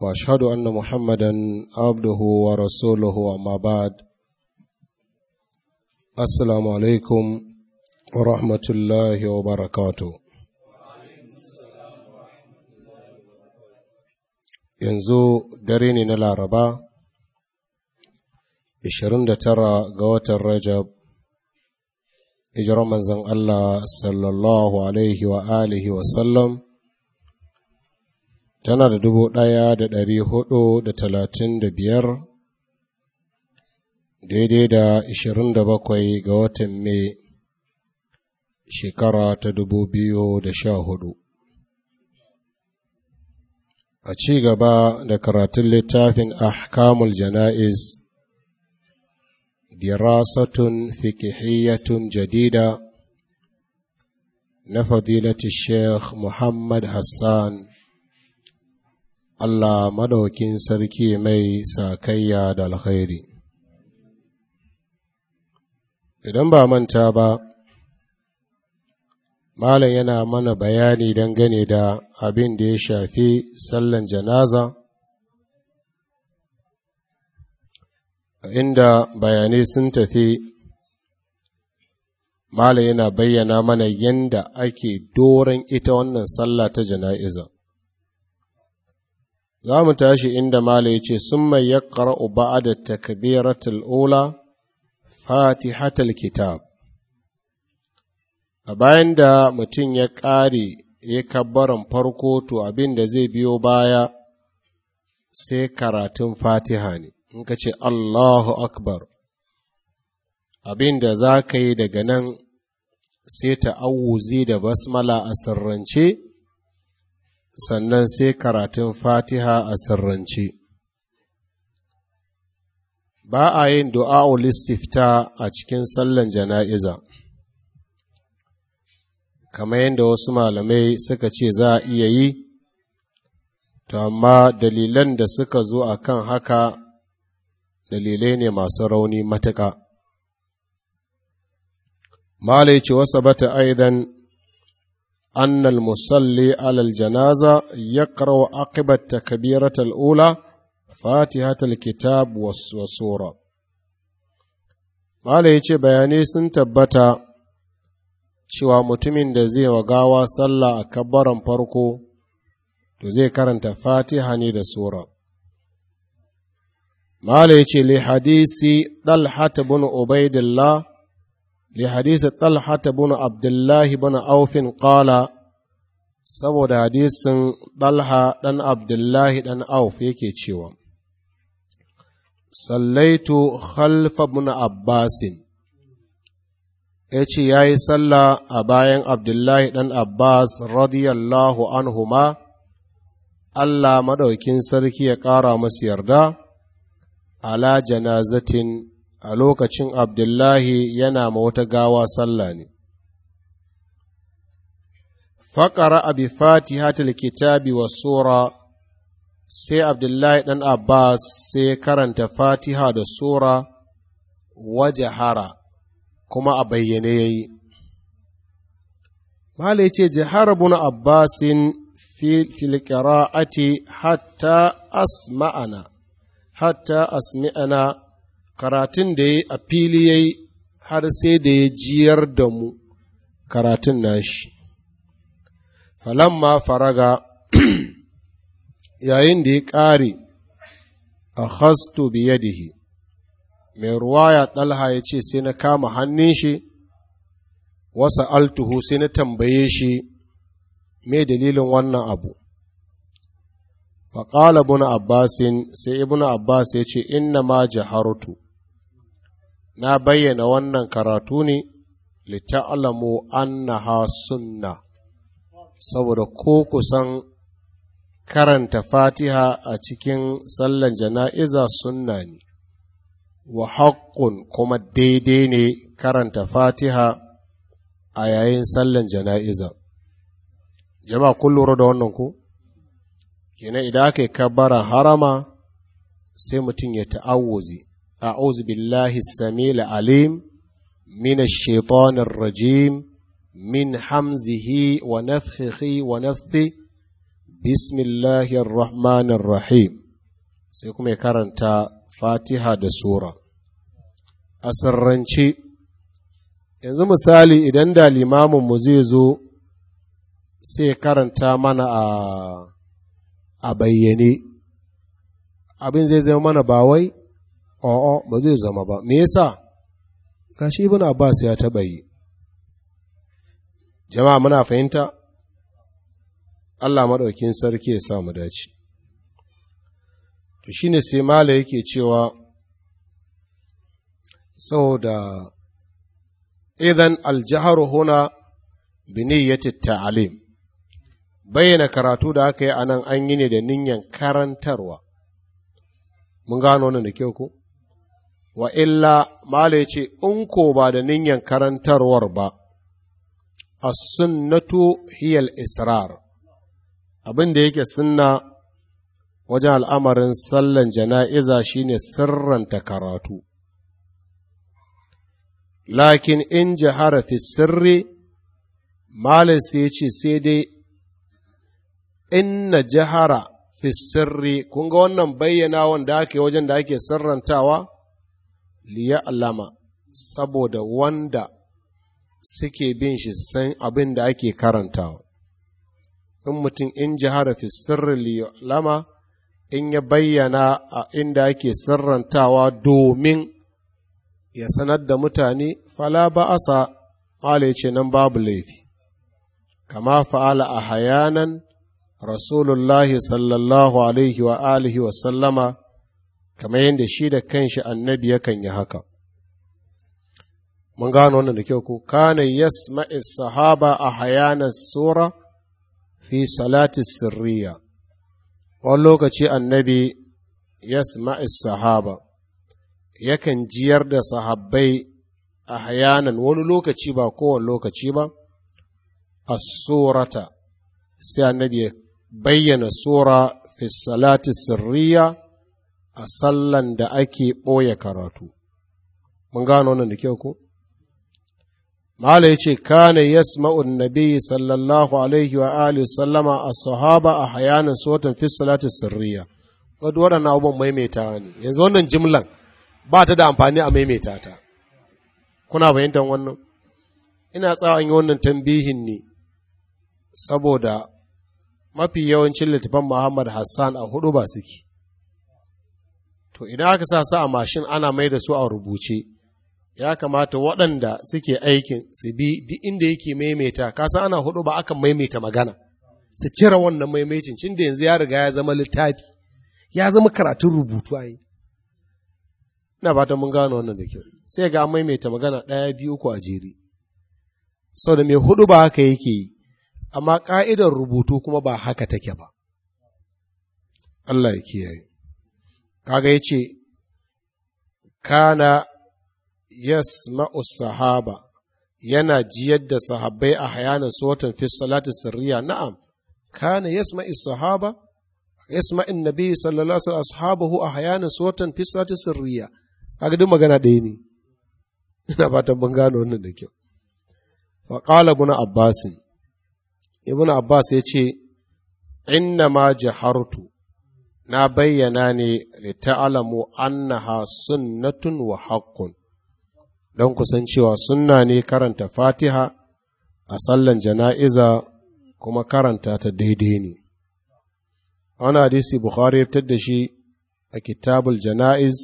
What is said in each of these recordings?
واشهد ان محمدا عبده ورسوله اما بعد السلام عليكم ورحمه الله وبركاته yanzu dare ne na laraba 29 ga watan rajab hijirar manzon allah sallallahu alaihi wa alihi wa sallam tana da dubu ɗaya da ɗari hudu da talatin da biyar daidai da ishirin da bakwai ga watan mai shekara ta dubu biyu da sha hudu a ci gaba da karatun littafin ahkamul jana'iz dirasatun fikihiyatun jadida na fadilati Shekh muhammad hassan Allah madaukin sarki mai sakayya da alkhairi. Idan ba manta ba, Malam yana mana bayani dangane da abin da ya shafi sallan janaza, inda bayanai sun tafi, Malam yana bayyana mana yadda ake doron ita wannan sallah ta jana'iza. za mu tashi inda mala ya ce sun mai ya ƙara'u ba da takbiratul ula fatihatul kitab a bayan da mutum ya ƙare ya kabbaran farko to abin da zai biyo baya sai karatun fatiha ne in ka ce Allahu Akbar abin da za ka yi daga nan sai ta zai da basmala a sirrance sannan sai karatun fatiha a sirrance ba a yin du'a'ul istifta a cikin sallan jana'iza kamar yadda wasu malamai suka ce za a iya yi to amma dalilan da suka zo a kan haka dalilai ne masu rauni matuka. malai ce wasa bata aidan أن المصلي على الجنازة يقرأ ta التكبيرة الأولى فاتحة الكتاب والسورة Mala ya ce bayanai sun tabbata cewa mutumin da zai wa gawa sallah a kabbaran farko to zai karanta fatiha ne da sura. Mala ya ce li hadisi ɗalhata bin ubaidullah لحديث طلحة بن عبد الله بن أوف قال saboda hadisin ɗalha ɗan abdullahi ɗan auf yake cewa sallaitu khalfa ibn abbasin ya ce ya yi sallah a bayan abdullahi ɗan abbas radiyallahu ma allah maɗaukin sarki ya ƙara masu yarda ala janazatin a lokacin abdullahi yana ma wata gawa sallah ne faƙara abi fatihatul kitabi wa sura sai abdullahi ɗan abbas sai karanta fatiha da sura wajahara kuma a bayyane ya yi mahala ce jihar buna abbasin filƙira'ati hatta asma'ana hatta asmi'ana karatun da ya a fili ya yi har sai da ya jiyar da mu karatun na nashi falamma faraga yayin da ya ƙare a hastu biyadihi mai ya ɗalha ya ce sai na kama hannun shi wasa altuhu sai na tambaye shi mai dalilin wannan abu faƙala bun abbasin sai ibuna abbas ya ce inna ma jaharutu na bayyana wannan karatu ne lita'alamu annaha sunna saboda ko kusan karanta fatiha a cikin sallan jana'iza sunna ne wa haƙƙun kuma daidai ne karanta fatiha a yayin sallan jana'iza jama'a kun lura da wannan ku kina idan aka yi kabbara harama sai mutum ya ta'awuzi أعوذ بالله السميع العليم من الشيطان الرجيم من حمزه ونفخه ونفثه بسم الله الرحمن الرحيم سيكم كرنتا فاتحة سورة أسرنشي yanzu misali idan da mu zai zo sai karanta mana a bayyane abin zai zama mana ba wai a'a ba zai zama ba me yasa gashi ibn abbas ya taba yi jama'a muna fahimta Allah maɗaukin sarki ya sa mu dace to shine sai mala yake cewa saboda idan aljahar huna ya ta'alim bayyana karatu da aka yi anan an yi ne da niyyar karantarwa mun gano wannan da kyau ko wa illa mala ce in ko ba da ninyan karantarwar ba as-sunnatu hiyal israr abin da yake sunna wajen al'amarin sallan jana'iza shine sirranta karatu lakin in jihara fi sirri malin sai ce sai dai inna jihara fi sirri kun ga wannan bayyana wanda ake wajen da ake sirrantawa liya saboda wanda suke bin shi san abin da ake karantawa in mutum in jihara fi sirri liya in ya bayyana a inda ake sirrantawa domin ya sanar da mutane fala ba'asa ƙwale ce nan babu laifi kama fa'ala a hayanan rasulullahi sallallahu alaihi wa alihi wa sallama kamar yadda shi da kanshi annabi yakan yi haka mun gano wannan da kyau ko kana yasma'i sahaba a hayanan sura fi salati sirriya wani lokaci annabi yasma'i sahaba yakan jiyar da sahabbai a hayanan wani lokaci ba kowane lokaci ba a surata sai annabi ya bayyana sura fi salati sirriya a sallan da ake ɓoye karatu mun gano wannan da kyau ku? mala yace kana yasma'u an-nabi sallallahu alaihi wa alihi sallama a sahaba a hayanin sotan fi salati sirriya wadda duk waɗannan abubuwan maimaita ne yanzu wannan jimlan ba ta da amfani a maimaita ta kuna bayyantar wannan ina tsawon yi wannan tambihin ne saboda mafi yawancin littafan Muhammad Hassan a hudu ba suke to idan aka sa su a mashin ana mai da su a rubuce ya kamata waɗanda suke aikin su bi duk inda yake maimaita kasan ana hudu ba aka maimaita magana su cire wannan maimaitin cin da yanzu ya riga ya zama littafi ya zama karatun rubutu a yi na ba ta mun gano wannan da kyau sai ga maimaita magana ɗaya biyu ko a jere sau da mai hudu ba haka yake yi amma ka'idar rubutu kuma ba haka take ba Allah ya kiyaye kaga ya ce kana yasma'u sahaba yana jiyar da sahabbai a hayanin sotan fi salati sirriya na'am kana yasma'u sahaba yasma'in nabi sallallahu alaihi ashabahu a hayanin sotan fi salati sirriya kaga duk magana ɗaya ne ina fatan mun gano wannan da kyau wa qala ibn abbas ibn abbas yace inna ma jahartu na bayyana ne ta'alamu annaha sunnatun wa haƙƙun. don kusan cewa sunna ne karanta fatiha a sallan jana'iza kuma karanta ta daidai ne wani hadisi bukhari fitar da shi a kitabul jana'iz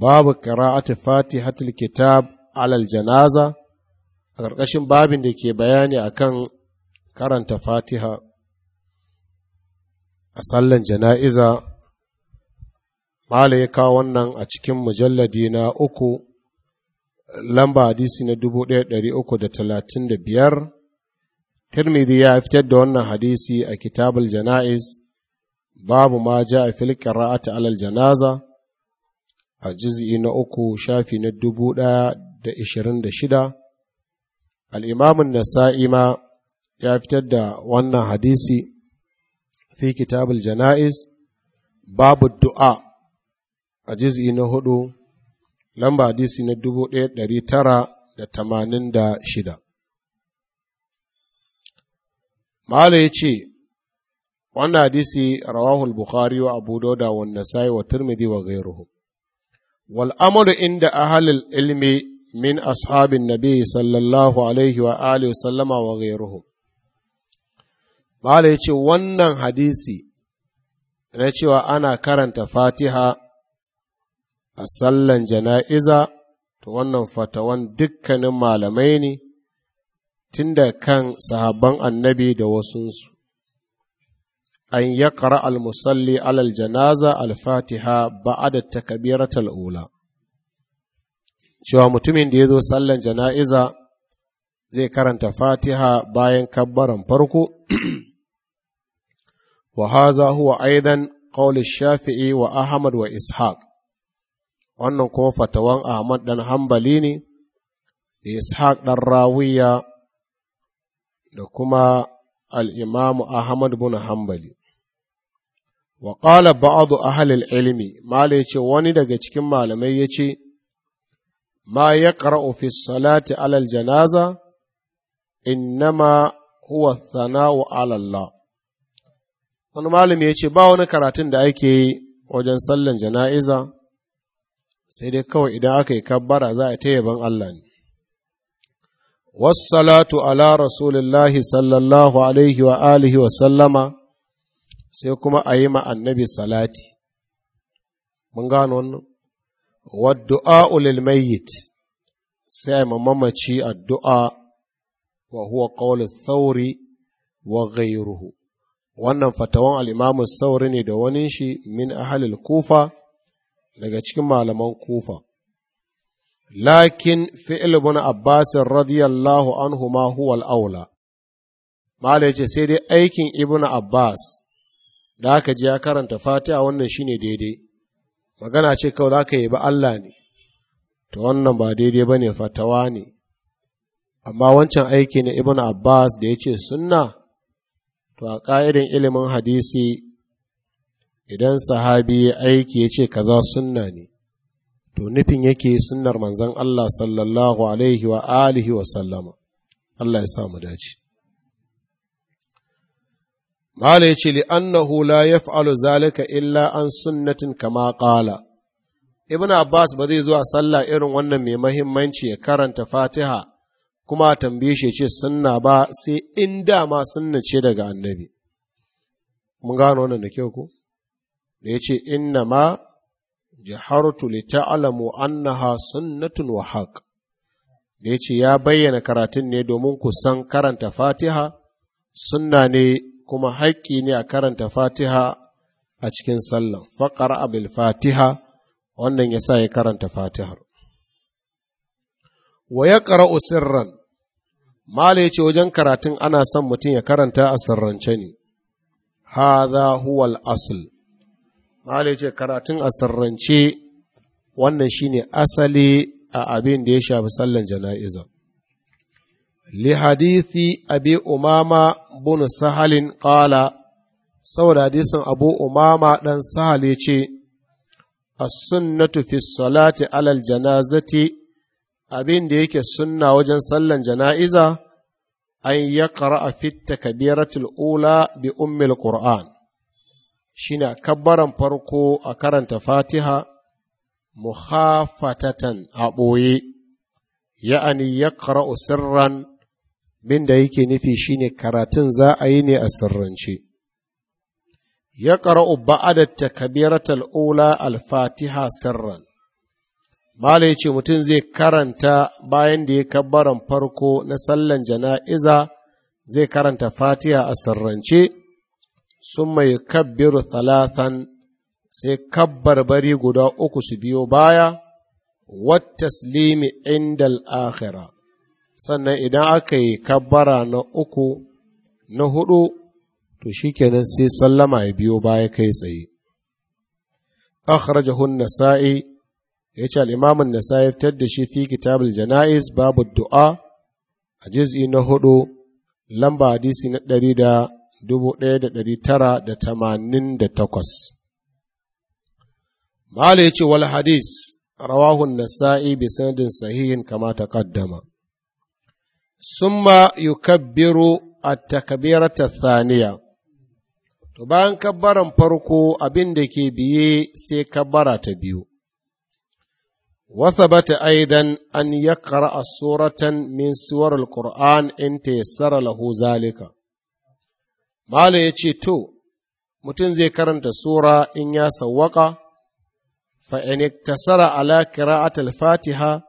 babu qira'ati fatihatul kitab alal janaza a ƙarƙashin babin da ke bayani akan karanta fatiha a sallan jana'iza mala ya kawo wannan a cikin mujalladi na uku lamba hadisi na dubu ɗaya da da ɗari uku talatin biyar. tirmidhi ya fitar da wannan hadisi a kitabul jana'iz babu ma ja a fil ata alal janaza a juz'i na uku shafi na dubu ɗaya da al-imam an-nasa'i ma ya fitar da wannan hadisi fi kitabul jana'iz babu du'a a juz'i na hudu lamba hadisi na dubu ɗaya ɗari tara da tamanin da shida. Mala ya ce, wannan hadisi rawahul Bukhari wa Abu Dauda wa Nasai wa Tirmidhi wa gairuhu. Wal amru inda ahalil ilmi min ashabin nabi sallallahu alaihi sallama wa gairuhu. Malai ya ce wannan hadisi na cewa ana karanta fatiha a sallan jana'iza, to wannan fatawan dukkanin malamai ne tun da kan sahabban annabi da wasunsu. An ya ƙara al-musalli alal janaza al-fatiha ba'ada takabiratul tal’ula. Cewa mutumin da ya zo sallan jana'iza zai karanta fatiha bayan kabbaran farko. وهذا هو أيضا قول الشافعي وأحمد وإسحاق wannan kuma fatawan Ahmad dan hambali ne Ishaq dan Rawiya da kuma al'imamu Ahmad bin hambali. Wa ƙala ba'adu ahalil ilimi, mala ya wani daga cikin malamai yace Ma ya ƙara'u fi salati alal janaza, innama huwa thana'u alallah. wani malami ya ce ba wani karatun da ake yi wajen sallan jana'iza sai dai kawai idan aka yi kabbara za a ta yaban Allah ne wassalatu ala rasulillahi sallallahu alaihi wa alihi wa sallama sai kuma a yi ma annabi salati mun gano wannan waddu'a ulil mayyit sai ma mamaci addu'a wa huwa sauri thawri wa ghayruhu wannan fatawan al'imamu sauri ne da wani shi min ahalil kufa daga cikin malaman kufa. Lakin fi'il bin Abbasin radiyallahu anhu ma huwal aula, Malam yace sai dai aikin Ibn Abbas da aka ji ya karanta fatiha wannan shine daidai, magana ce kawai za ka yi ba Allah ne, Ta wannan ba daidai ba ne fatawa ne, amma wancan aiki na Ibn Abbas da ya ce sunna to a ƙa'idan ilimin hadisi idan sahabi ya aiki ya ce ka kaza suna ne to nufin yake sunnar manzan Allah sallallahu alaihi wa alihi wa sallama Allah ya sa mu dace Mala ya ce li'annahu la fa’alu zalika illa an sunnatin kama ƙala. Ibn Abbas ba zai zuwa sallah irin wannan mai mahimmanci ya karanta Fatiha kuma tambaye shi ce sunna ba sai in dama sunna ce daga annabi mun gano wannan da kyau ko da yace inna ma jaharatu li ta'lamu annaha sunnatun wa haqq da yace ya bayyana karatun ne domin ku san karanta Fatiha sunna ne kuma haƙƙi ne a karanta Fatiha a cikin sallan faqara bil Fatiha wannan yasa ya karanta Fatihar wa yaqra'u sirran Mala ya ce wajen karatun ana son mutum ya karanta a sarrance ne, haza huwal asul. Mala ya ce karatun a sarrance wannan shine asali a abin da ya shafi sallan jana'iza. Li hadithi abi umama bunu sahalin ƙala, saboda hadisin abu umama ɗan sahal ya ce, as-sunnatu fi salati alal janazati abin da yake sunna wajen sallan jana'iza an ya a fitta kabiratul ula bi ummil qur'an shine kabbaran farko a karanta fatiha muhafatatan a ɓoye ya'ani ya ƙara'u sirran bin da yake nufi shi ne karatun za a yi ne a sirrance ya ƙara'u ba'adar kabiratul ula al-fatiha sirran Mala ya ce mutum zai karanta bayan da ya kabbaran farko na sallan jana'iza zai karanta fatiha a sarrance, sun mai kabbiru talatan sai bari guda uku su biyo baya, slimi indal al'akhira, sannan idan aka yi kabbara na uku na hudu, to shikenan sai sallama ya biyo baya kai tsaye. nasa'i النسائي ya ce al'imamun na sayaftar da shi fi kitabul jana'iz babu du'a a jiz'i na hudu lamba hadisi na ɗari da dubu ɗaya da ɗari tara da tamanin da takwas. Mala ya ce wal hadis rawahun nasa'i bi sanadin sahihin kama ta kaddama. Summa yukabbiru a takabirata thaniya. To bayan kabbaran farko abin da ke biye sai kabbara ta biyu. وثبت أيضا أن يقرأ سورة من سور القرآن إن تيسر له ذلك ما يجي تو متن زي كرنت سورة إن يسوق فإن اقتصر على قراءة الفاتحة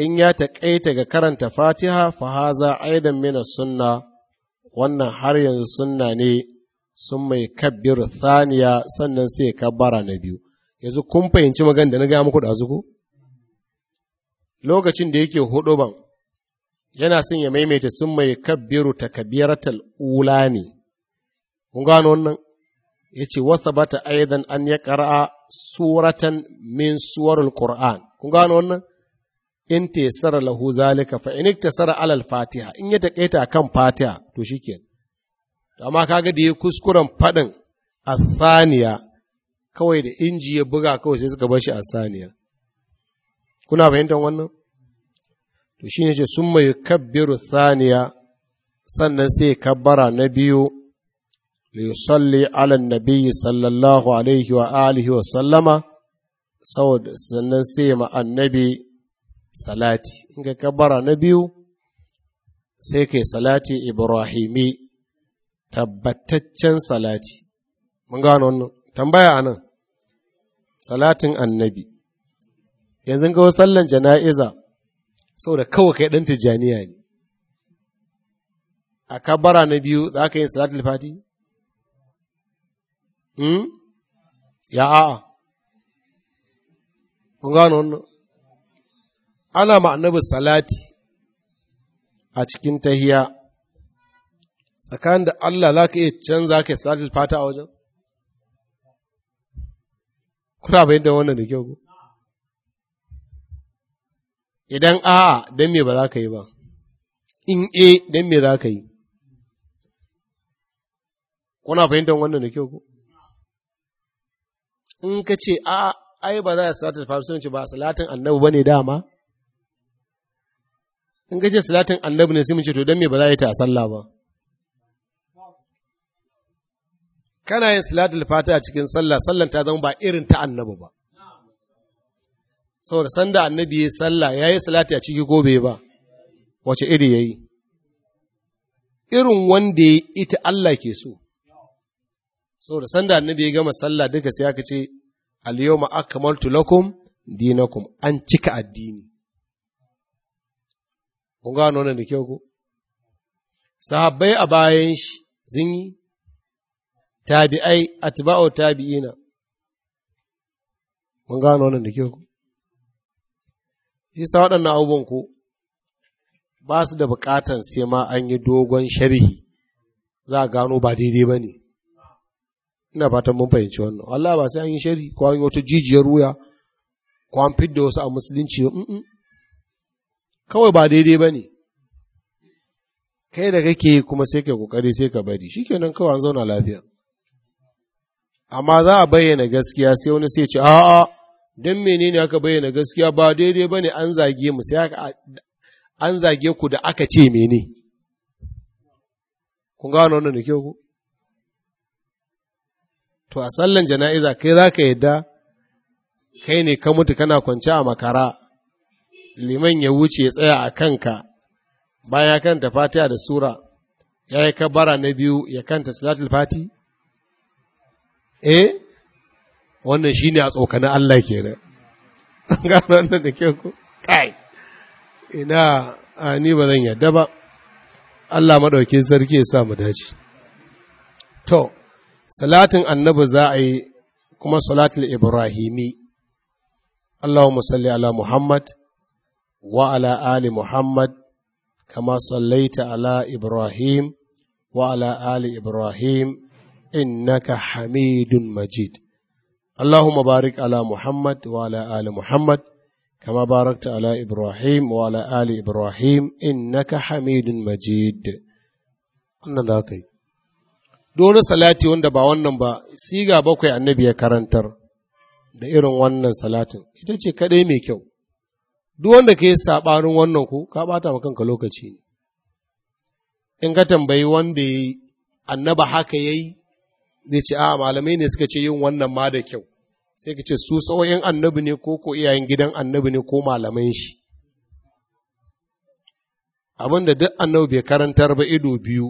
إن يتكأيت كرنت فاتحة فهذا أيضا من السنة وأن حريا السنة ني ثم يكبر الثانية سنة كبر نبيو yanzu kun fahimci magan da na gaya muku da ku? lokacin da yake huduban yana son ya maimaita sun mai kabbiru ta kabiratal ula ne kun gano wannan ya ce wasa bata aidan an ya ƙara suratan min suwarul qur'an kun gano wannan in tesara lahu zalika fa in iktasara alal fatiha in ya taƙaita kan fatiha to shikenan amma kaga da yi kuskuren faɗin asaniya kawai da inji ya buga kawai sai suka bar shi asaniya kuna fahimtar wannan to shine ce sun mai kabbiru thaniya sannan sai kabbara na biyu liyusalli ala nabiyyi sallallahu alaihi wa alihi wa sallama saboda sannan sai ma annabi salati in ka kabbara na biyu sai kai salati ibrahimi tabbataccen salati mun gano wannan tambaya anan salatin annabi yanzu ga sallan jana'iza saboda kawai kai ɗan tijjaniya ne a kabara na biyu za ka yi salatul fati? Hmm? ya a'a kun gano wannan ana ma'annabi salati a cikin tahiya tsakanin da Allah za ka iya canza ka yi salatul fata a wajen? kuna bayan da wannan da kyau idan a'a don me ba za ka yi ba in e don me za ka yi kuna fahimtar wannan da kyau ku in ka ce a ai ba za a salatu farisunci ba salatin annabi ba ne dama in ka ce salatin annabi ne sai mun ce to don me ba za a yi ta a sallah ba kana yin salatul fata a cikin sallah sallan ta zama ba irin ta annabi ba saboda sanda annabi ya sallah ya yi salati a ciki ko bai ba wace iri ya yi irin wanda ya ita Allah ke so saboda sanda annabi ya gama sallah duka sai aka ce al-yawma akmaltu lakum dinakum an cika addini kun gano wannan da kyau ko sahabbai a bayan shi sun yi tabi'ai atba'u tabi'ina mun gano wannan da kyau ko isa waɗannan abubuwan ko ba su da buƙatan sai ma an yi dogon sharhi za a gano ba daidai ba ne ina fatan mun fahimci wannan Allah ba sai an yi sharhi ko an yi wata jijiyar wuya ko an fidda wasu a musulunci kawai ba daidai ba ne kai da kake kuma sai ka kokari sai ka bari shi nan kawai an zauna lafiya amma za a bayyana gaskiya sai wani sai ce a'a don menene aka bayyana gaskiya ba daidai ba ne an zage mu sai an zage ku da aka ce mene kun gano wannan da kyau ku to a sallan jana'iza kai za ka yadda kai ne ka mutu kana kwance a makara liman ya wuce ya tsaya a kanka baya kanta fatiha da sura ya yi kabara na biyu ya kanta salatul fati eh wannan shi ne a tsokanin Allah kenan gano wannan da ke ku kai ina a ni ba zan yadda ba Allah maɗauki sarki ya sa mu dace to salatin annabi za a yi kuma salatul ibrahimi allah salli ala Muhammad wa ala ali Muhammad kama sallaita ala Ibrahim wa ala ali Ibrahim innaka Hamidun Majid اللهم بارك على محمد وعلى آل محمد كما باركت على إبراهيم وعلى آل إبراهيم إنك حميد مجيد أنا ذاكي دون salati wanda ba wannan ba siga bakwai annabi ya karantar da irin wannan salatin ita ce kadai mai kyau duk wanda ka yi saɓanin wannan ko ka ɓata ma kanka lokaci ne in ka tambayi wanda ya yi annaba haka ya yi zai ce a ah, malamai ne suka ce yin wannan ma da kyau sai ka ce su sauyin annabi ne ko ko iyayen gidan annabi ne ko malamai shi abin da duk annabi bai karantar ba ido biyu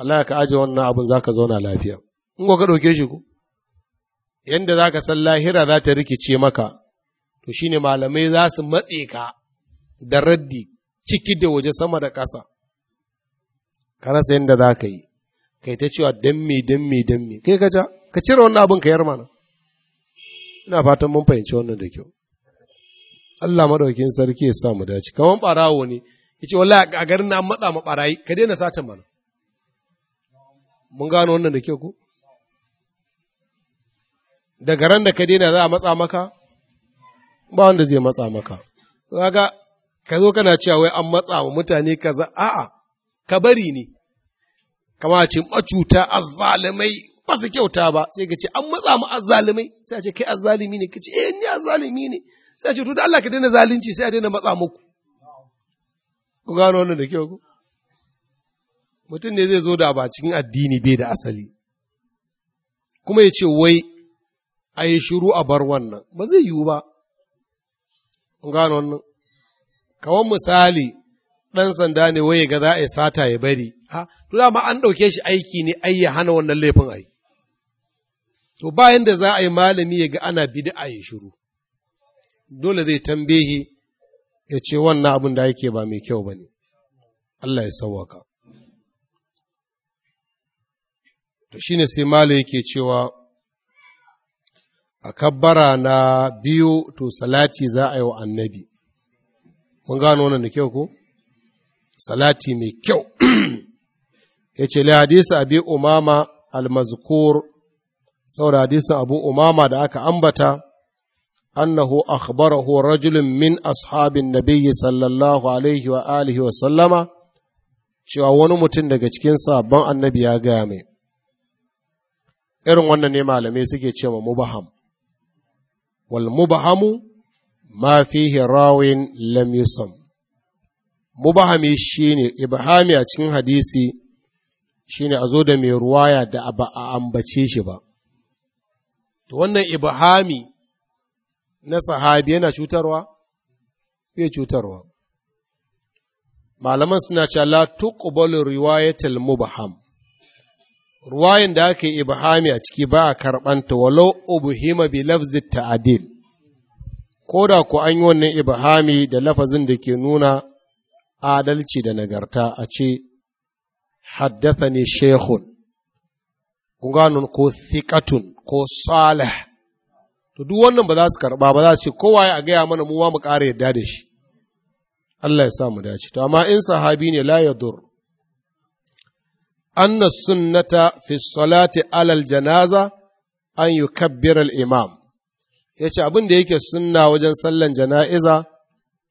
Allah ka aje wannan abin zaka zauna lafiya in ka dauke shi ko yanda zaka san lahira za ta rikice maka to shine malamai za su matse ka da raddi ciki da waje sama da ƙasa ka rasa yadda za ka yi kai ta cewa dan me dan me dan me kai kaja ka cire wannan abin ka yar mana ina fatan mun fahimci wannan da kyau Allah madaukin sarki ya sa mu dace kaman barawo ne yace wallahi a garin na matsa ma barayi ka daina satin mana mun gano wannan da kyau ko da ran da ka daina za a matsa maka ba wanda zai matsa maka kaga ka zo kana cewa wai an matsa mu mutane kaza a'a ka bari ne kama ce macuta azzalimai ba su kyauta ba sai ka ce an matsa mu azzalimai sai a ce kai azzalimi ne ka ce eh ni azzalimi ne sai a ce to da Allah ka daina zalunci sai a daina matsa muku ku gano wannan da kyau ku mutum ne zai zo da ba cikin addini bai da asali kuma ya ce wai a yi shiru a bar wannan ba zai yiwu ba ku gano wannan kawan misali ɗan sanda ne waye ga za a yi sata ya bari, ha, to dama an ɗauke shi aiki ne ai ya hana wannan laifin ai. To bayan da za a yi malami ya ga ana bid'a ya shiru, dole zai tambehi ya ce wannan abin da yake ba mai kyau ba ne, Allah ya sauwaka. To shi ne sai malo yake cewa a kabbara na biyu to salati za a yi wa annabi. Mun gano wannan da kyau ko? salati mai kyau ya ce li hadisi abi umama almazkur saboda hadisin abu umama da aka ambata annahu akhbarahu rajulun min ashabin nabiyyi sallallahu alaihi wa alihi wa sallama cewa wani mutum daga cikin sabon annabi ya gaya mai irin wannan ne malamai suke cewa mubaham wal mubahamu ma fihi rawin lam yusam mubahami shine ibhami a cikin hadisi shine a zo da mai ruwaya da ba a ambace shi ba to wannan ibhami na sahabi yana cutarwa bai cutarwa malaman suna cewa la tuqbalu riwayatul mubham ruwayin da aka yi ibhami a ciki ba a karɓanta walau ubhima bi lafzi ta'adil ko da ku an yi wannan ibhami da lafazin da ke nuna adalci da nagarta a ce haddasa ne shehun kunganun ko sikatun ko salih to duk wannan ba za su karba ba za su ce kowa a gaya mana mu mu ƙara yadda da shi Allah ya sa mu dace to amma in sahabi ne la yadur anna sunnata fi salati alal janaza an yukabbir al imam yace abin da yake sunna wajen sallan jana'iza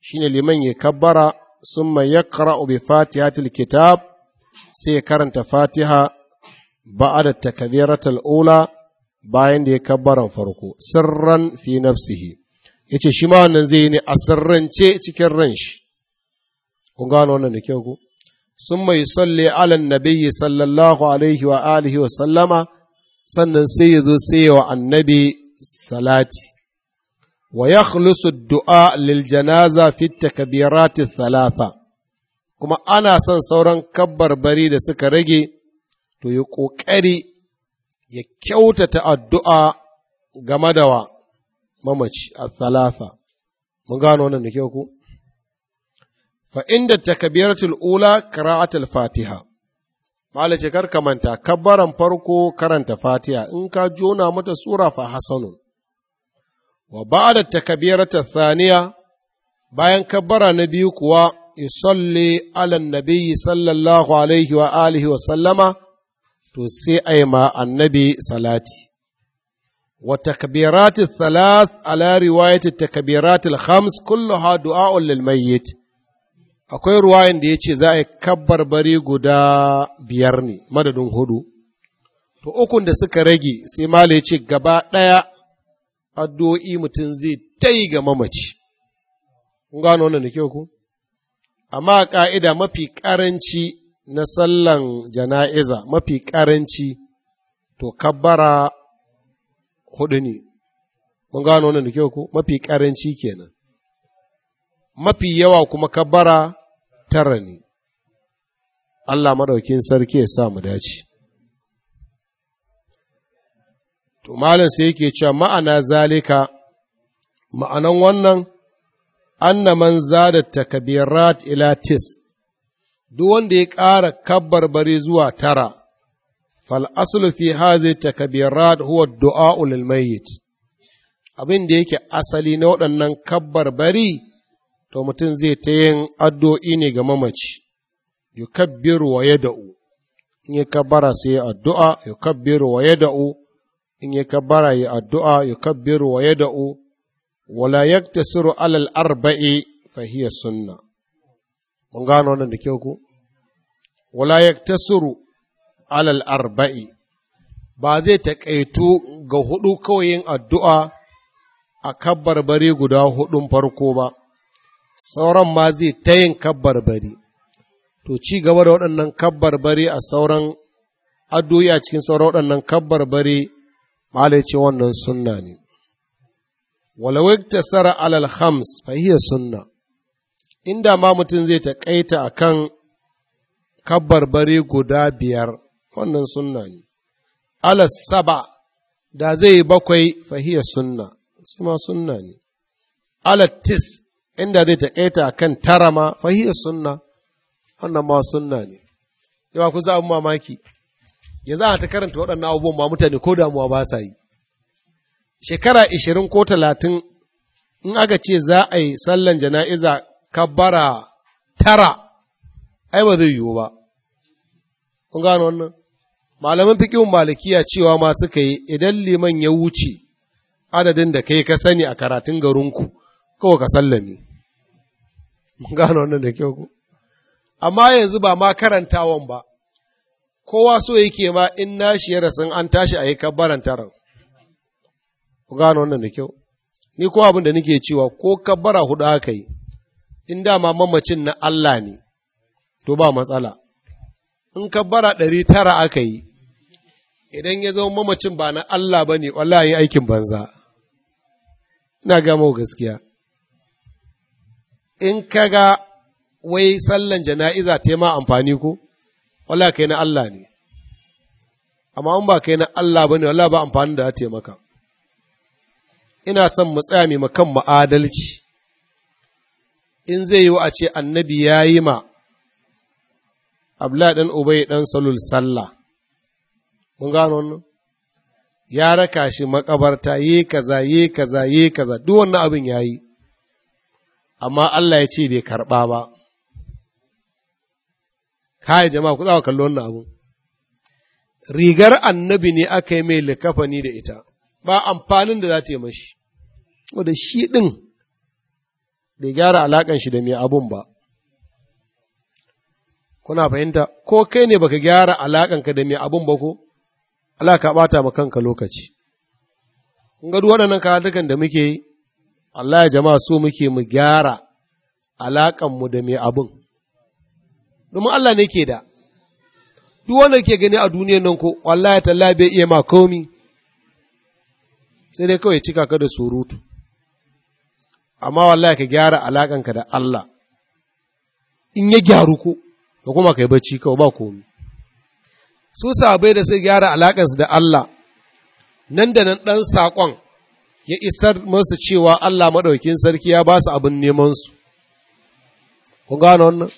shine liman ya kabbara Sun summa yaqra'u bi fatihatil kitab sai karanta fatiha ba'da takbiratul ula bayan da ya kabbaran farko sirran fi nafsihi yace shi ma wannan zai yi a sirrance cikin ran shi kun mai wannan da kyau ku sallallahu alaihi wa wa sallama sannan sai ya zo sai wa annabi salati wa yakhlusu du'a lil janaza fi takbirati thalatha kuma ana son sauran kabbarbari da suka rage to ya ƙoƙari ya kyautata addu'a game da wa mamaci a thalatha mun gano wannan da kyau ku fa inda ula qira'atul fatiha malace kar ka manta kabbaran farko karanta fatiha in ka jona mata sura fa wa ba'da takbirata thaniya bayan kabbara na biyu kuwa isalli ala nabiyyi sallallahu alaihi wa alihi wa sallama to sai a yi ma annabi salati wa takbirati thalath ala riwayati takbirati al-khams kulluha du'a'un lil mayyit akwai ruwayan da yace za a yi kabbar bari guda biyar ne madadin hudu to ukun da suka rage sai mala yace gaba daya addu'o'i mutum zai ta yi ga mamaci. gano wannan da kyau ku? Amma ƙa'ida mafi ƙaranci na sallan jana'iza mafi ƙaranci to kabbara hudu ne. gano wannan da kyau ku? Mafi ƙaranci kenan. Mafi yawa kuma kabbara tara ne. Allah maɗaukin sarki ya sa mu dace. to malam sai yake cewa ma'ana zalika ma'anan wannan anna man zada takabirat ila tis duk wanda ya ƙara kabar-bari zuwa tara fal aslu fi hadhihi takabirat huwa du'a lil mayyit abin da yake asali na waɗannan kabbarbari to mutum zai ta yin addu'o'i ne ga mamaci yukabbiru wa yada'u in ya kabbara sai addu'a yukabbiru wa yada'u in ya kabbara ya addu'a ya kabbiru wa ya da'u wala yaktasiru alal arba'i fa hiya sunna mun gano wannan da kyau ko wala yaktasiru alal arba'i ba zai taƙaitu ga hudu kawai yin addu'a a bari guda hudun farko ba sauran ma zai ta yin bari. to ci gaba da waɗannan bari a sauran addu'o'i a cikin sauran waɗannan bari. malai ce wannan sunna ne walawai tasara alal hams fahiyar sunna inda ma mutum zai taƙaita a kan kabarbare guda biyar wannan sunna ne alas saba da zai bakwai fahiyar sunna su ma sunna ne alatis inda zai taƙaita a kan tara ma fahiyar sunna wannan ma sunna ne yawa ku za mamaki yanzu a ta karanta waɗannan abubuwan ma mutane ko damuwa ba sa yi shekara ishirin ko talatin in aka ce za a yi sallan jana'iza kabbara tara ai ba zai yiwu ba kun gano wannan Malamin fikihun malikiya cewa ma suka yi idan liman ya wuce adadin da kai ka sani a karatun garinku kawai ka sallame mun gano wannan da kyau ku amma yanzu ba ma karantawan ba kowa so yake ma in nashi ya rasin an tashi a yi kabbaran taron ku gano wannan da kyau ni ko abin da nake cewa ko kabbara hudu aka yi in dama mamacin na Allah ne to ba matsala in kabbara ɗari tara aka yi idan ya zama mamacin ba na Allah ba ne yi aikin banza ina gama gaskiya in ka ga wai sallan jana'iza ta ma amfani ko wala kai na Allah ne amma in ba kai na Allah bane wala ba amfani da ta maka ina son mu mai makan ma'adalci in zai yi a ce annabi ya yi ma abla ɗan ubai ɗan salul sallah mun gano wannan ya raka shi makabarta yi kaza yi kaza yi kaza duk wannan abin ya yi amma Allah ya ce bai karɓa ba kai jama'a ku tsawa kallon wannan abun. rigar annabi ne aka yi mai likafani da ita ba amfanin da za ta yi mashi wanda shi ɗin bai gyara alaƙan shi da mai abun ba kuna fahimta ko kai ne baka gyara ka da mai abun ba ko Allah ka bata ma kanka lokaci in ga duk waɗannan kadukan da muke yi Allah ya jama'a so muke mu gyara mu da mai abun domin Allah ne ke da duk wanda ke gani a duniyar nan ko wallahi talla bai iya ma komi sai dai kawai cika ka da surutu amma wallahi ka gyara alaƙanka da Allah in ya gyaru ko ka kuma ka yi bacci kawai ba komi su sabai da sai gyara alaƙansu da Allah nan da nan ɗan saƙon ya isar masu cewa Allah maɗaukin sarki ya ba su abin nemansu. Kun gano wannan?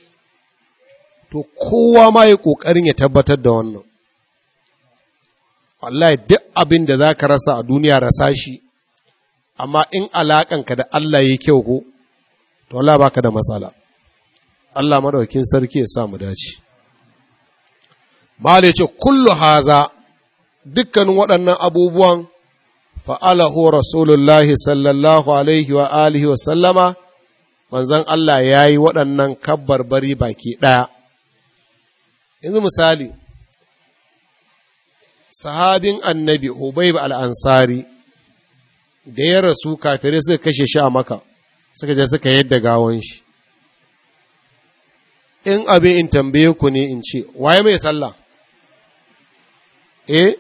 to kowa ma ya ƙoƙarin ya tabbatar da wannan wallahi duk abin da za ka rasa a duniya rasa shi amma in alaƙanka da Allah ya kyau ko to Allah baka da matsala Allah madaukin sarki ya sa mu dace Mala ce kullu haza dukkanin waɗannan abubuwan fa'alahu Rasulullahi sallallahu alaihi wa alihi wa sallama manzon Allah yayi waɗannan kabbar bari baki ɗaya yanzu misali sahabin annabi ba al'ansari da ya rasu kafirai suka kashe shi a maka suka je suka yadda gawon shi in abin in tambaye ku ne in ce waye mai sallah eh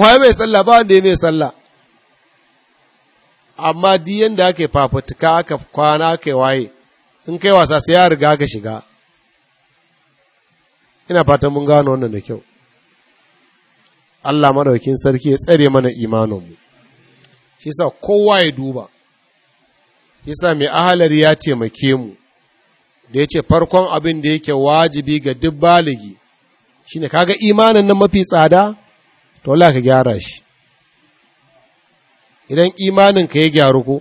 waye mai sallah ba wanda ya mai sallah amma diyan da ake fafutuka aka kwana aka waye in kai wasa sai ya riga ka shiga ina fata mun gano wannan da kyau Allah madaukin sarki ya tsare mana imaninmu shi yasa kowa ya duba shi yasa mai ahalar ya taimake mu da ya ce farkon abin da yake wajibi ga duk baligi shine kaga imanin nan mafi tsada to Allah ka gyara shi idan imanin ka ya gyaru ko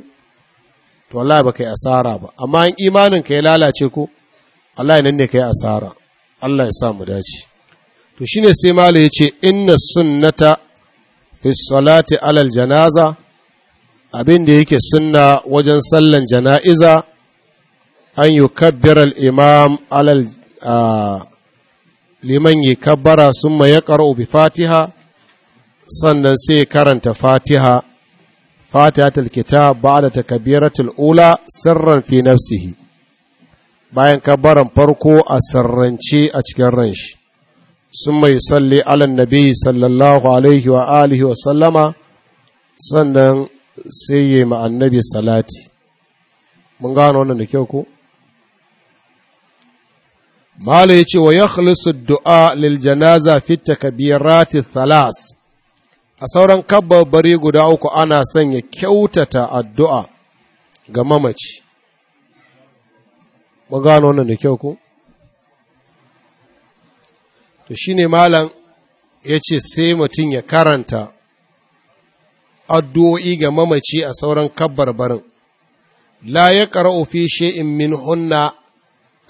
to Allah ba kai asara ba amma in imanin ka ya lalace ko Allah nan ne kai asara Allah ya sa mu dace to shine sai mala yace inna sunnata fi salati alal janaza abin da yake sunna wajen sallan jana'iza an yukabbira Kabbiral imam alal liman yi kabbara sun ma ya bi fatiha sannan sai karanta fatiha fatihatul kitab ba da takabiratul ula sirran fi nafsihi bayan kabaran farko a sarrance a cikin ran shi sun mai salli alan nabi sallallahu alaihi wa alihi wa sallama sannan sai yi ma annabi salati mun gano wannan da kyau ko Malu ya ce wa ya du'a lil janaza fi takbirati thalas a sauran bari guda uku ana sanya kyautata addu'a ga mamaci mun gano wannan da kyau ko to shine malam ya ce sai mutum ya karanta addu'o'i ga mamaci a sauran kabbarbarin la ya qara'u fi shay'in min hunna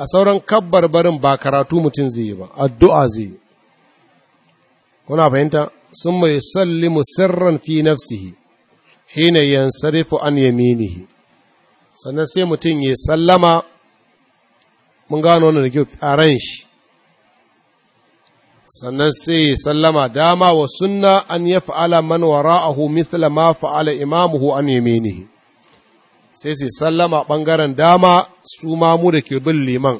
a sauran kabbarbarin ba karatu mutum zai yi ba addu'a zai yi kuna fahimta sun mai sallimu sirran fi nafsihi hina yansarifu an yaminihi sannan sai mutum ya sallama mun gano wannan da kyau a shi sannan sai sallama dama wa sunna an ya fa'ala man wara'ahu mithla ma fa'ala imamuhu an yaminihi sai sai sallama ɓangaren dama su mamu da ke bin liman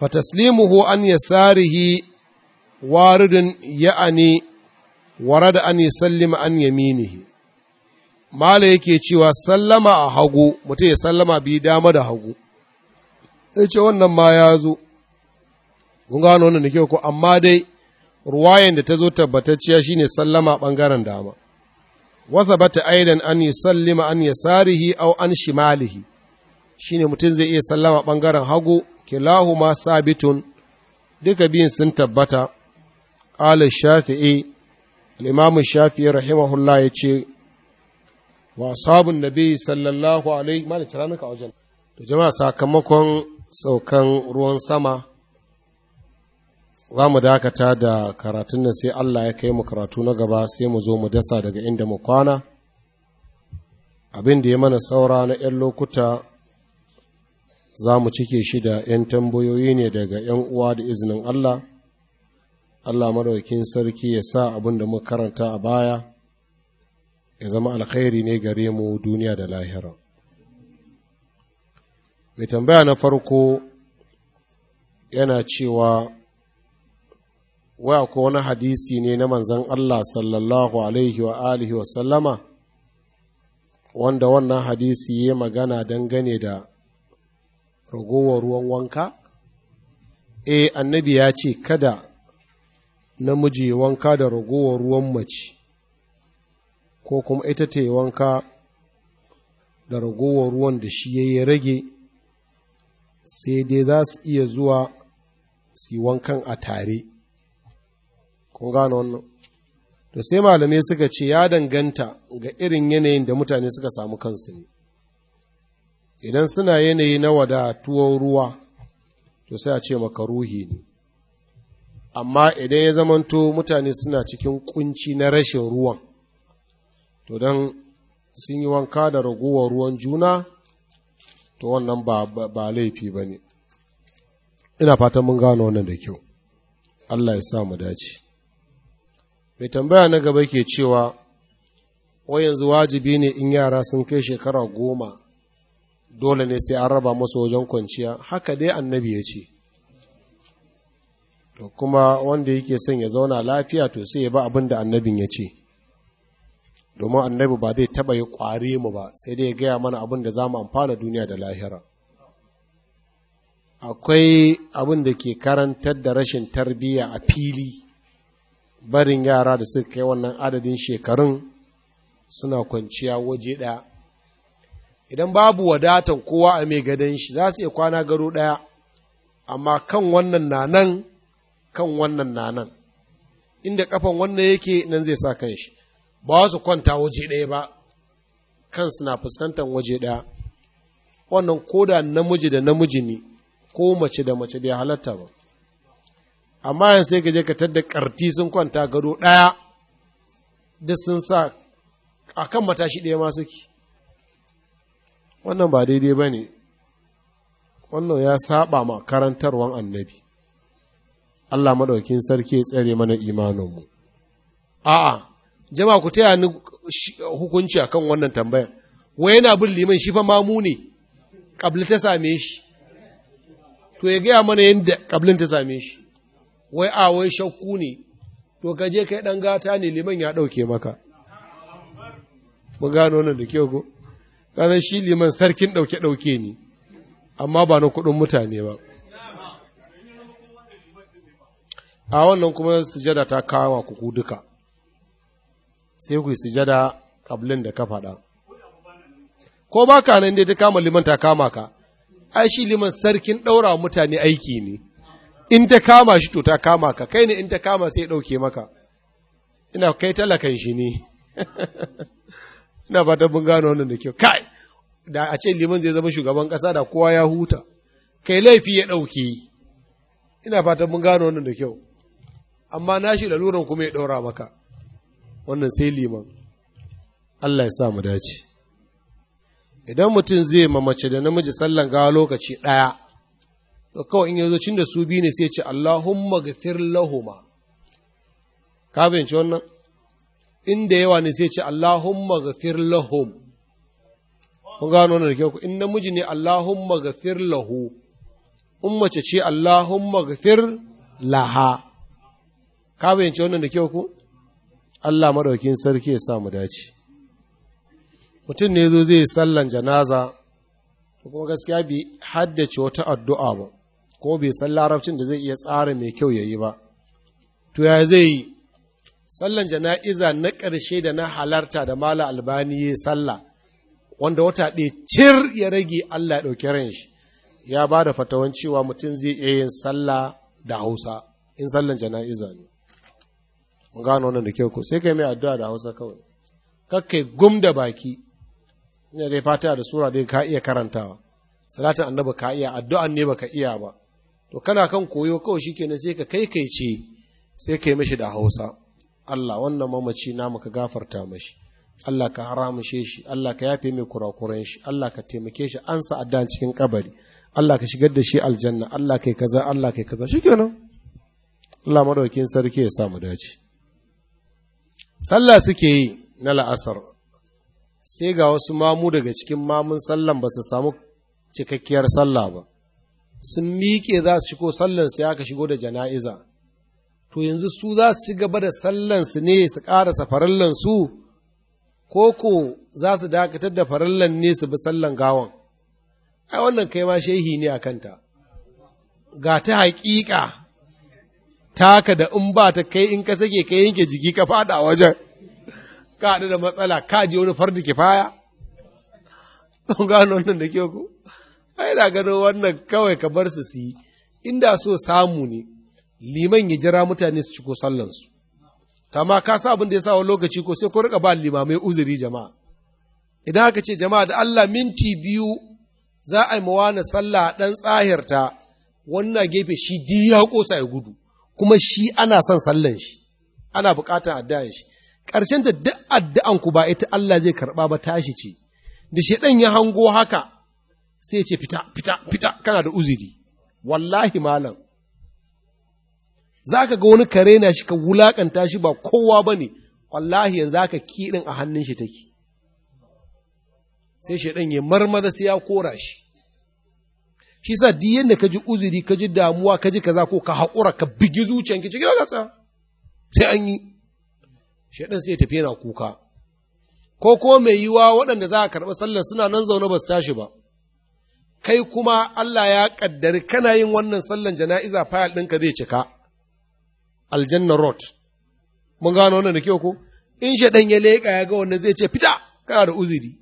fataslimuhu an ya sarihi waridin ya'ani da an sallima an yaminihi mala yake cewa sallama a hagu mutum ya sallama biyu dama da hagu ya ce wannan ma ya zo kun gano wannan da kyau ko amma dai ruwayan da ta zo tabbatacciya shine sallama ɓangaren dama wasa bata aidan an yi sallima an yi sarihi au an shimalihi shine mutum zai iya sallama ɓangaren hagu ma sabitun duka biyun sun tabbata ƙalar shafi'i al'imamu shafi'i rahimahullah ya ce wa sabon nabi sallallahu alaihi ma da wajen jama'a sakamakon saukan ruwan sama za mu dakata da karatun nan sai Allah ya kai mu karatu na gaba sai mu zo mu dasa daga inda mu kwana abin da ya mana saura na 'yan lokuta za mu cike shi da 'yan tambayoyi ne daga 'yan uwa da izinin Allah Allah maraukin sarki ya sa abin da mu karanta a baya ya zama alkhairi ne gare mu duniya da lahira mai tambaya na farko yana cewa waya ko wani hadisi ne na manzan Allah sallallahu alaihi wa alihi wa sallama wanda wannan hadisi ya magana dangane da ragowar ruwan wanka e annabi ya ce kada namiji wanka da ragowar ruwan mace ko kuma ita ta yi wanka da ragowar ruwan da shi ya yi rage sai dai za su iya zuwa su wankan a tare kun gano wannan to sai malamai suka ce ya danganta ga irin yanayin da mutane suka samu kansu ne idan suna yanayi na wadatuwar ruwa to sai a ce maka ruhi ne amma idan ya zamanto mutane suna cikin kunci na rashin ruwan to don sun yi wanka da ragowar ruwan juna to wannan ba laifi ba ne ina fatan mun gano wannan da kyau Allah ya sa mu dace mai tambaya na gaba ke cewa wai yanzu wajibi ne in yara sun kai shekara goma dole ne sai an raba masu wajen kwanciya haka dai annabi ya ce to kuma wanda yake son ya zauna lafiya to sai ya ba abin da annabin ya ce domin annabi ba zai taba yi kware mu ba sai dai gaya mana abin da za mu amfana duniya da lahira akwai abin da ke karantar da rashin tarbiyya a fili barin yara da suka kai wannan adadin shekarun suna kwanciya waje ɗaya idan babu wadatan kowa a mai gadon shi za su iya kwana garo ɗaya amma kan wannan na nan kan wannan na nan inda kafan wannan yake nan zai sa kan shi ba su kwanta waje ɗaya ba kansu na fuskantar waje ɗaya wannan koda namiji da namiji ne ko mace da mace bai halatta ba amma yin sai ka je ka tadda karti sun kwanta gado ɗaya da sun sa a kan matashi ɗaya ma suke wannan ba daidai ba ne wannan ya saba ma karantarwan annabi Allah maɗaukin sarki ya tsare mana imaninmu a'a jama ku taya ni hukunci akan wannan tambayar wai yana bin liman shi fa mamu ne ƙabli ta same shi to ya gaya mana yadda kablin ta same shi wai a wai shakku ne to ka je kai ɗan gata ne liman ya ɗauke maka mu gano nan da kyau ko kana shi liman sarkin ɗauke-ɗauke ne amma ba na kuɗin mutane ba a wannan kuma sujada ta kawo kuku duka sai ku sujada kablin da ka faɗa ko ba ka nan dai ta kama liman ta kama ka ai shi liman sarkin ɗaura mutane aiki ne in ta kama shi to ta kama ka kai ne in ta kama sai ɗauke maka ina kai talakan shi ne ina fatan mun gano wannan da kyau kai da a ce liman zai zama shugaban ƙasa da kowa ya huta kai laifi ya ɗauke ina fatan mun gano wannan da kyau amma na shi laluran kuma ya ɗaura maka wannan sai liman Allah ya sa mu dace idan mutum zai mamace da namiji sallan gawa lokaci ɗaya to kawai in yazo cin da su biyu ne sai ce Allahumma gafir lahuma ka fahimci wannan inda yawa ne sai ce Allahumma gafir lahum kun gano wannan da ku in namiji ne Allahumma gafir lahu in mace ce Allahumma gafir laha ka fahimci wannan da kyau ku Allah maɗaukin sarki ya sa mu dace mutum ne zo zai sallan janaza kuma gaskiya bai haddace wata addu'a ba ko bai san larabcin da zai iya tsara mai kyau yayi ba to ya zai yi sallan jana'iza na ƙarshe da na halarta da mala albani ya salla wanda wata ɗaya cir ya rage Allah ya ɗauki ran shi ya ba da fatawan cewa mutum zai iya yin sallah da hausa in sallan jana'iza ne gano nan da kyau ko sai kai mai addu'a da Hausa kawai kakkai gum da baki ina dai fata da sura dai ka iya karantawa salatin annabi ka iya addu'an ne baka iya ba to kana kan koyo kawai shikenan sai ka kai kai ce sai kai mishi da Hausa Allah wannan mamaci na muka gafarta mishi Allah ka haramushe shi Allah ka yafe mai kurakuran shi Allah ka taimake shi an sa addu'a cikin kabari Allah ka shigar da shi aljanna Allah kai kaza Allah kai kaza shikenan Allah madaukin sarki ya samu dace sallah suke yi na la'asar sai ga wasu mamu daga cikin mamun sallan ba su samu cikakkiyar sallah ba sun miƙe za su shigo sallan sai aka shigo da jana'iza to yanzu su za su ci gaba da sallan su ne su ƙara safarallan su ko za su dakatar da farallan ne su bi sallan gawan ai wannan kai ma shehi ne a kanta ga ta haƙiƙa taka da in ba ta kai in ka sake ka yanke jiki ka fada a wajen ka haɗu da matsala ka ji wani ke kifaya don gano wannan da kyau ku? ai da gano wannan kawai ka bar su yi inda so samu ne liman ya jira mutane su ciko sallansu ma ka sa abin da ya sa wani lokaci ko sai ko rika ba limamai uzuri jama'a idan aka ce jama'a da Allah minti biyu za a yi mawana sallah ɗan tsahirta wannan gefe shi di ya kosa ya gudu kuma shi ana son sallan shi ana buƙatar addu'an shi ƙarshen da duk addu'an ku ba ita Allah zai karɓa ba tashi ce da shedan ya hango haka sai ya ce fita fita fita kana da uzuri wallahi malam zaka ga wani kare na shi ka wulakanta shi ba kowa bane wallahi yanzu haka kiɗin a hannun shi take sai shaidan ya marmada sai ya kora shi shi sa duk yadda ka ji uzuri ka ji damuwa ka ji kaza ko ka haƙura ka bigi zuciyanki cikin ka sai an yi shaɗan sai tafi yana kuka ko ko mai yiwa waɗanda za a karɓi sallar suna nan zaune ba su tashi ba kai kuma Allah ya ƙaddari kana yin wannan sallar jana'iza fayal ɗinka zai cika aljanna rot. mun gano wannan da kyau ko in shaɗan ya leƙa ya ga wannan zai ce fita kana da uzuri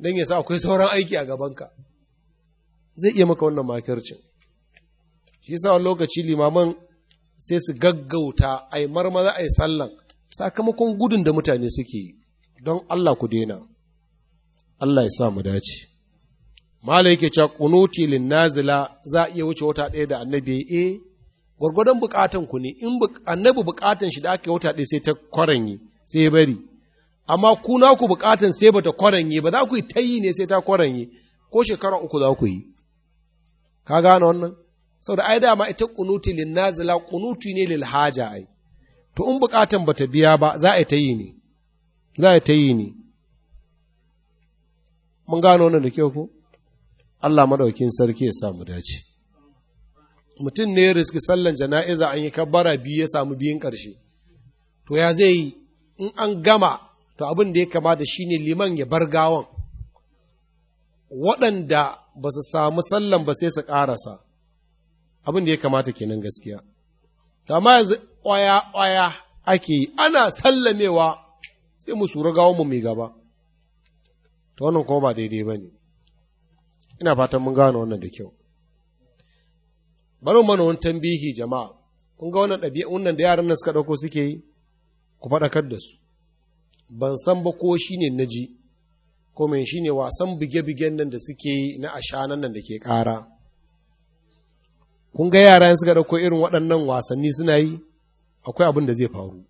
Dan ya sa akwai sauran aiki a gabanka. ka zai iya maka wannan makircin shi yasa wani lokaci limaman sai su gaggauta a yi marmaza a yi sallan sakamakon gudun da mutane suke yi don Allah ku daina Allah ya sa mu dace malai yake cewa kunuti lin nazila za iya wuce wata ɗaya da annabi eh gwargwadon bukatan ku ne in annabi bukatan shi da aka wata ɗaya sai ta kwaranye sai bari amma ku na ku bukatan sai bata kwaranye ba za ku yi tayi ne sai ta kwaranye ko shekara uku za ku yi ka gano wannan saboda ai dama ita kunuti lin nazila kunuti ne lil haja ai to in bukatan bata biya ba za a ta yi ne za a ta yi ne mun gano wannan da kyau ko Allah madaukin sarki ya samu dace mutum ne ya riski sallan jana'iza an yi kabbara biyu ya samu biyun ƙarshe to ya zai yi in an gama to abin da ya kamata shine liman ya bar gawan waɗanda ba su samu sallan ba sai su ƙarasa abin da ya kamata kenan gaskiya amma yanzu ƙwaya-ƙwaya ake yi ana sallamewa sai mu sura gawon mu mai gaba ta wannan kuma ba daidai ba ne ina fatan mun gane wannan da kyau bari mana wani tambihi jama'a kun ga wannan wannan da yaran nan suka ɗauko suke yi ku faɗakar da su ban san ba ko shi ne na ji kome shi ne wasan buge-bugen nan da suke yi na ashanan nan da ke ƙara kun ga yara suka ɗauko irin waɗannan wasanni suna yi akwai abin da zai faru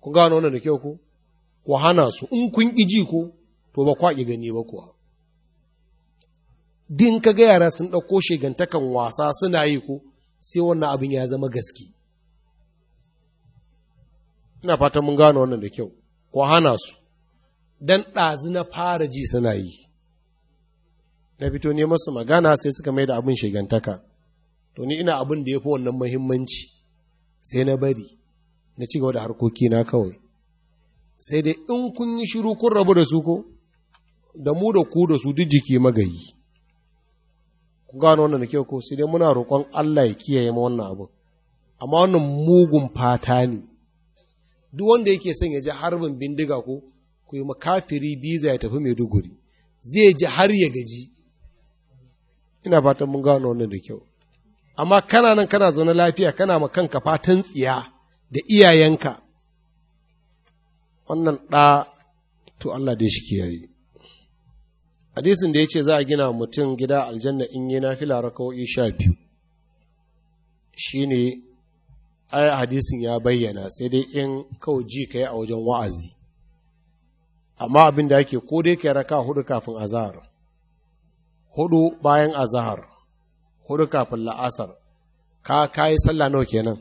kun gano wannan da kyau ko ku hana su in kun ƙiji ko to ba kwa gani ba kuwa din ka ga yara sun ɗauko shigantakan wasa suna yi ko sai wannan abin ya zama gaske ina fatan mun gano wannan da kyau ku hana su dan ɗazu na fara ji suna yi na fito ne masu magana sai suka mai da abin shigantaka to ni ina abin da ya fi wannan mahimmanci sai na bari na cigaba da harkoki na kawai sai dai in kun yi shiru kun rabu da su ko da mu da ku da su duk jiki magayi ku gano wannan da kyau ko sai dai muna roƙon Allah ya kiyaye mu wannan abin amma wannan mugun fata ne duk wanda yake son ya ji harbin bindiga ko ku yi makafiri biza ya tafi maiduguri zai ji har ya gaji ina fatan mun gano wannan da kyau amma kana nan kana zaune lafiya kana ma kanka fatan tsiya da iyayenka wannan ɗa to Allah dai shi kiyaye hadisin da ya ce za a gina mutum gida aljanna in yi nafila raka'o'i sha biyu shi ne ai hadisin ya bayyana sai dai in kawai ji ka yi a wajen wa'azi amma abin da yake ko dai yi raka hudu kafin azahar hudu bayan azahar hudu kafin la'asar ka kayi sallah nawa kenan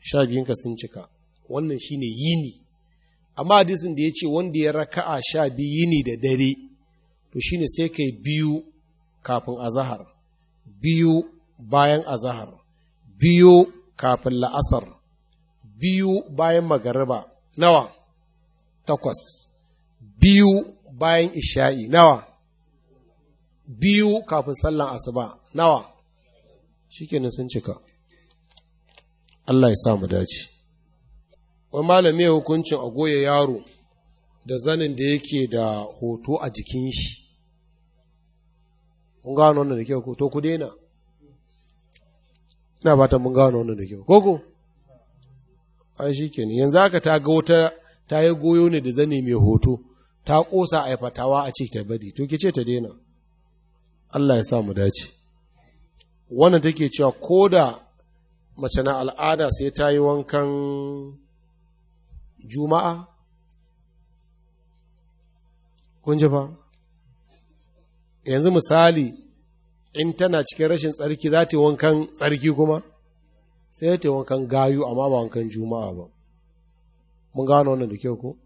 sha ka sun cika wannan shine yini amma hadisin da ya ce wanda ya raka'a sha biyu yini da dare to shine sai kai biyu kafin azahar biyu bayan azahar biyu kafin la'asar biyu bayan magariba nawa takwas biyu bayan isha'i nawa biyu kafin sallan asuba nawa shikenan sun cika Allah ya sa mu dace Wani malami hukuncin a goya yaro da zanin da yake da hoto a jikin shi mun gano wannan da kyau to ku daina ina ba ta mun gano wannan da kyau koko ai shikenan yanzu aka ta ga wata ta yi goyo ne da zani mai hoto ta ƙosa a fatawa a ce ta bari to ke ce ta daina Allah ya sa mu dace wannan take cewa ko da mace na al'ada sai ta yi wankan juma'a kun ji ba? yanzu misali in tana cikin rashin tsarki za ta yi wankan tsarki kuma sai ta yi wankan gayu amma ba wankan juma'a ba mun gano wannan da kyau ko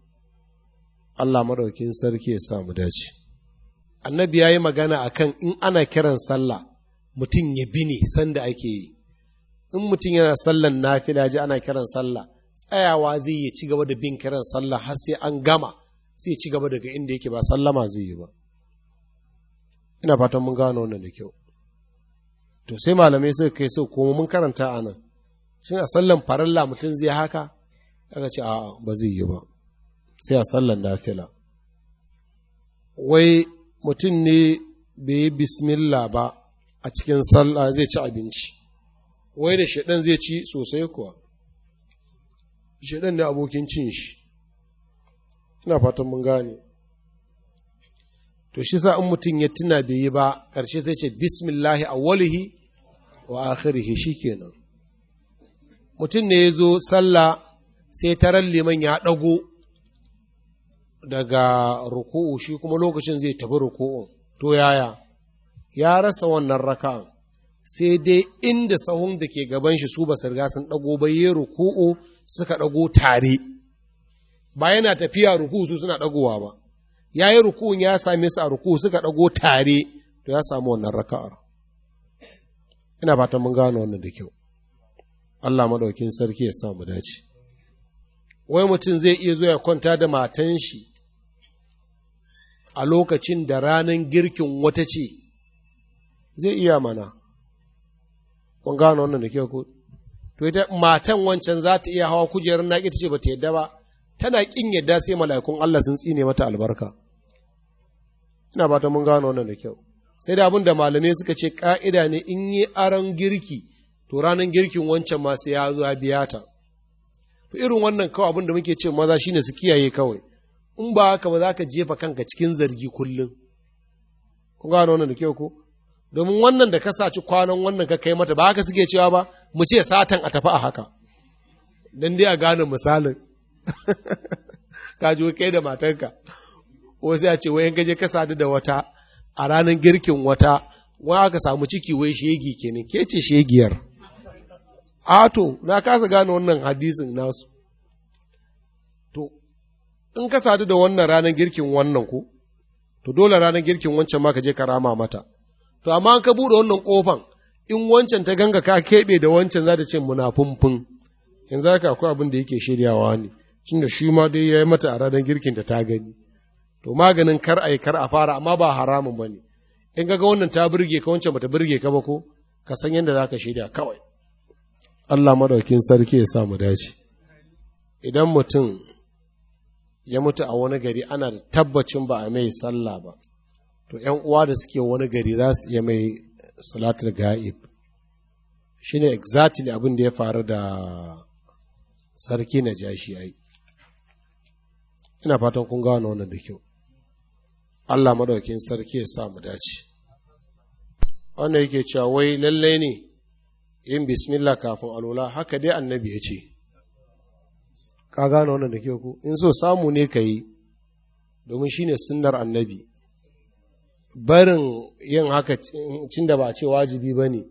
Allah maɗaukin sarki ya samu dace annabi ya yi magana a kan in ana kiran sallah mutum ya bi ne sanda ake yi in mutum yana sallan nafila ji ana kiran sallah tsayawa zai yi ci gaba da bin kiran sallah har sai an gama sai ci gaba daga inda yake ba sallama zai yi ba ina fatan mun gano wannan da kyau to sai malamai suka kai so koma mun karanta a nan shin a sallan faralla mutum zai haka aka ce a'a ba zai yi ba sai a sallan nafila wai mutum ne bai yi bismillah ba a cikin sallah zai ci abinci wai da shaɗan zai ci sosai kuwa shaɗan ne abokin cin shi ina fatan mun gane to shi sa in mutum ya tuna bai yi ba ƙarshe sai ce bismillahi walihi wa akhirihi shikenan mutum ne ya zo sallah sai taron liman ya ɗago daga ruku'u shi kuma lokacin zai tafi ruku'u to yaya ya rasa wannan raka'an sai dai inda sahun da ke gaban shi su ba su riga sun ɗago ba yi ruku'u suka ɗago tare ba yana tafiya ruku'u su suna ɗagowa ba ya yi ruku'un ya same su a ruku'u suka ɗago tare to ya samu wannan raka'ar ina fatan mun gano wannan da kyau Allah madaukin sarki ya samu dace wai mutum zai iya zuwa kwanta da matan shi a lokacin da ranar girkin wata ce zai iya mana kun gano wannan da kyau ko to ita matan wancan za ta iya hawa kujerar naƙi ta ce ba ta yadda ba tana ƙin yadda sai mala'ikun Allah sun tsine mata albarka ina ba ta mun gano wannan da kyau sai da abin da malamai suka ce ƙa'ida ne in yi aron girki to ranar girkin wancan masu ya zuwa biya ta to irin wannan kawai abin da muke ce maza shine su kiyaye kawai in ba haka ba za ka jefa kanka cikin zargi kullum kun gano wannan da kyau ko domin wannan da ka saci kwanan wannan ka kai mata ba haka suke cewa ba mu ce satan a tafi a haka dan dai a gane misalin ka ji kai da matanka. ko sai a ce wayan gaje ka sadu da wata a ranar girkin wata wani aka samu ciki wai shegi kenan ke ce shegiyar ato na kasa gane wannan hadisin nasu in ka sadu da wannan ranar girkin wannan ko to dole ranar girkin wancan ma ka je ka rama mata to amma ka bude wannan ƙofan, in wancan ta ganga ka keɓe da wancan za ta ce munafunfun in za ka akwai abin da yake shiryawa ne cin da shi ma dai ya yi mata a ranar girkin da ta gani to maganin kar a yi kar a fara amma ba haramun ba ne in ga wannan ta birge ka wancan bata birge ka ba ko ka san yadda za ka shirya kawai Allah madaukin sarki ya sa mu dace idan mutum ya mutu a wani gari ana da tabbacin ba a mai sallah ba to ‘yan uwa da suke wani gari za su iya mai salatul ga'ib shi ne exactly abin da ya faru da sarki na jashi ai ina fatan kun gano wannan da kyau Allah madaukin sarki ya sa mu dace wannan yake cewa wai lallai ne yin bismillah kafin alwala haka dai annabi ya ce ka gane wannan da ke ku in so samu ne ka yi domin shine sunnar annabi barin yin haka cin da ba ce wajibi ba ne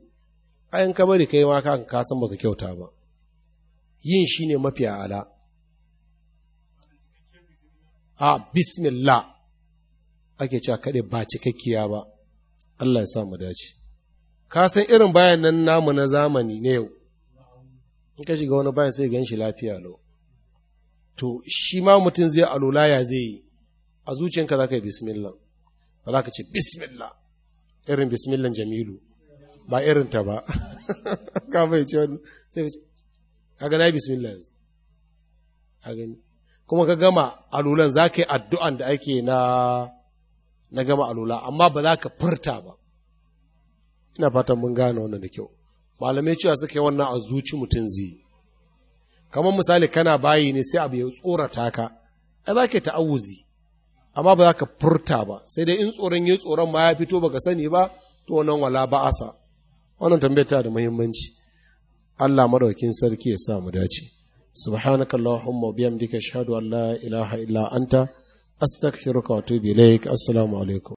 ayin ka bari kai ma kan ka san baka kyauta ba yin shi ne mafi ala a bismillah ake cewa kaɗai ba cikakkiya ba Allah ya sa mu dace ka san irin bayan nan namu na zamani ne yau in ka shiga wani bayan sai gan shi lafiya lau to shi ma mutum zai alola ya zai yi a zuciyanka za ka yi bismillah ba za ka ce bismillah irin bismillah jamilu ba irin ta ba ka bai ce wani sai ka ce kaga na yi bismillah yanzu a gani kuma ka gama alulan za ka yi addu'an da ake na na gama alula amma ba za ka furta ba ina fatan mun gane wannan da kyau malamai cewa suka yi wannan a zuci mutum zai kamar misali kana bayi ne sai abu ya tsorata ka ai za ka ta'awuzi amma ba za ka furta ba sai dai in tsoron yi tsoron ma ya fito baka sani ba to wannan wala ba'asa wannan tambayar ta da muhimmanci Allah madaukin sarki ya sa mu dace subhanaka allahumma bihamdika ashhadu an la ilaha illa anta astaghfiruka wa atubu ilaik assalamu alaikum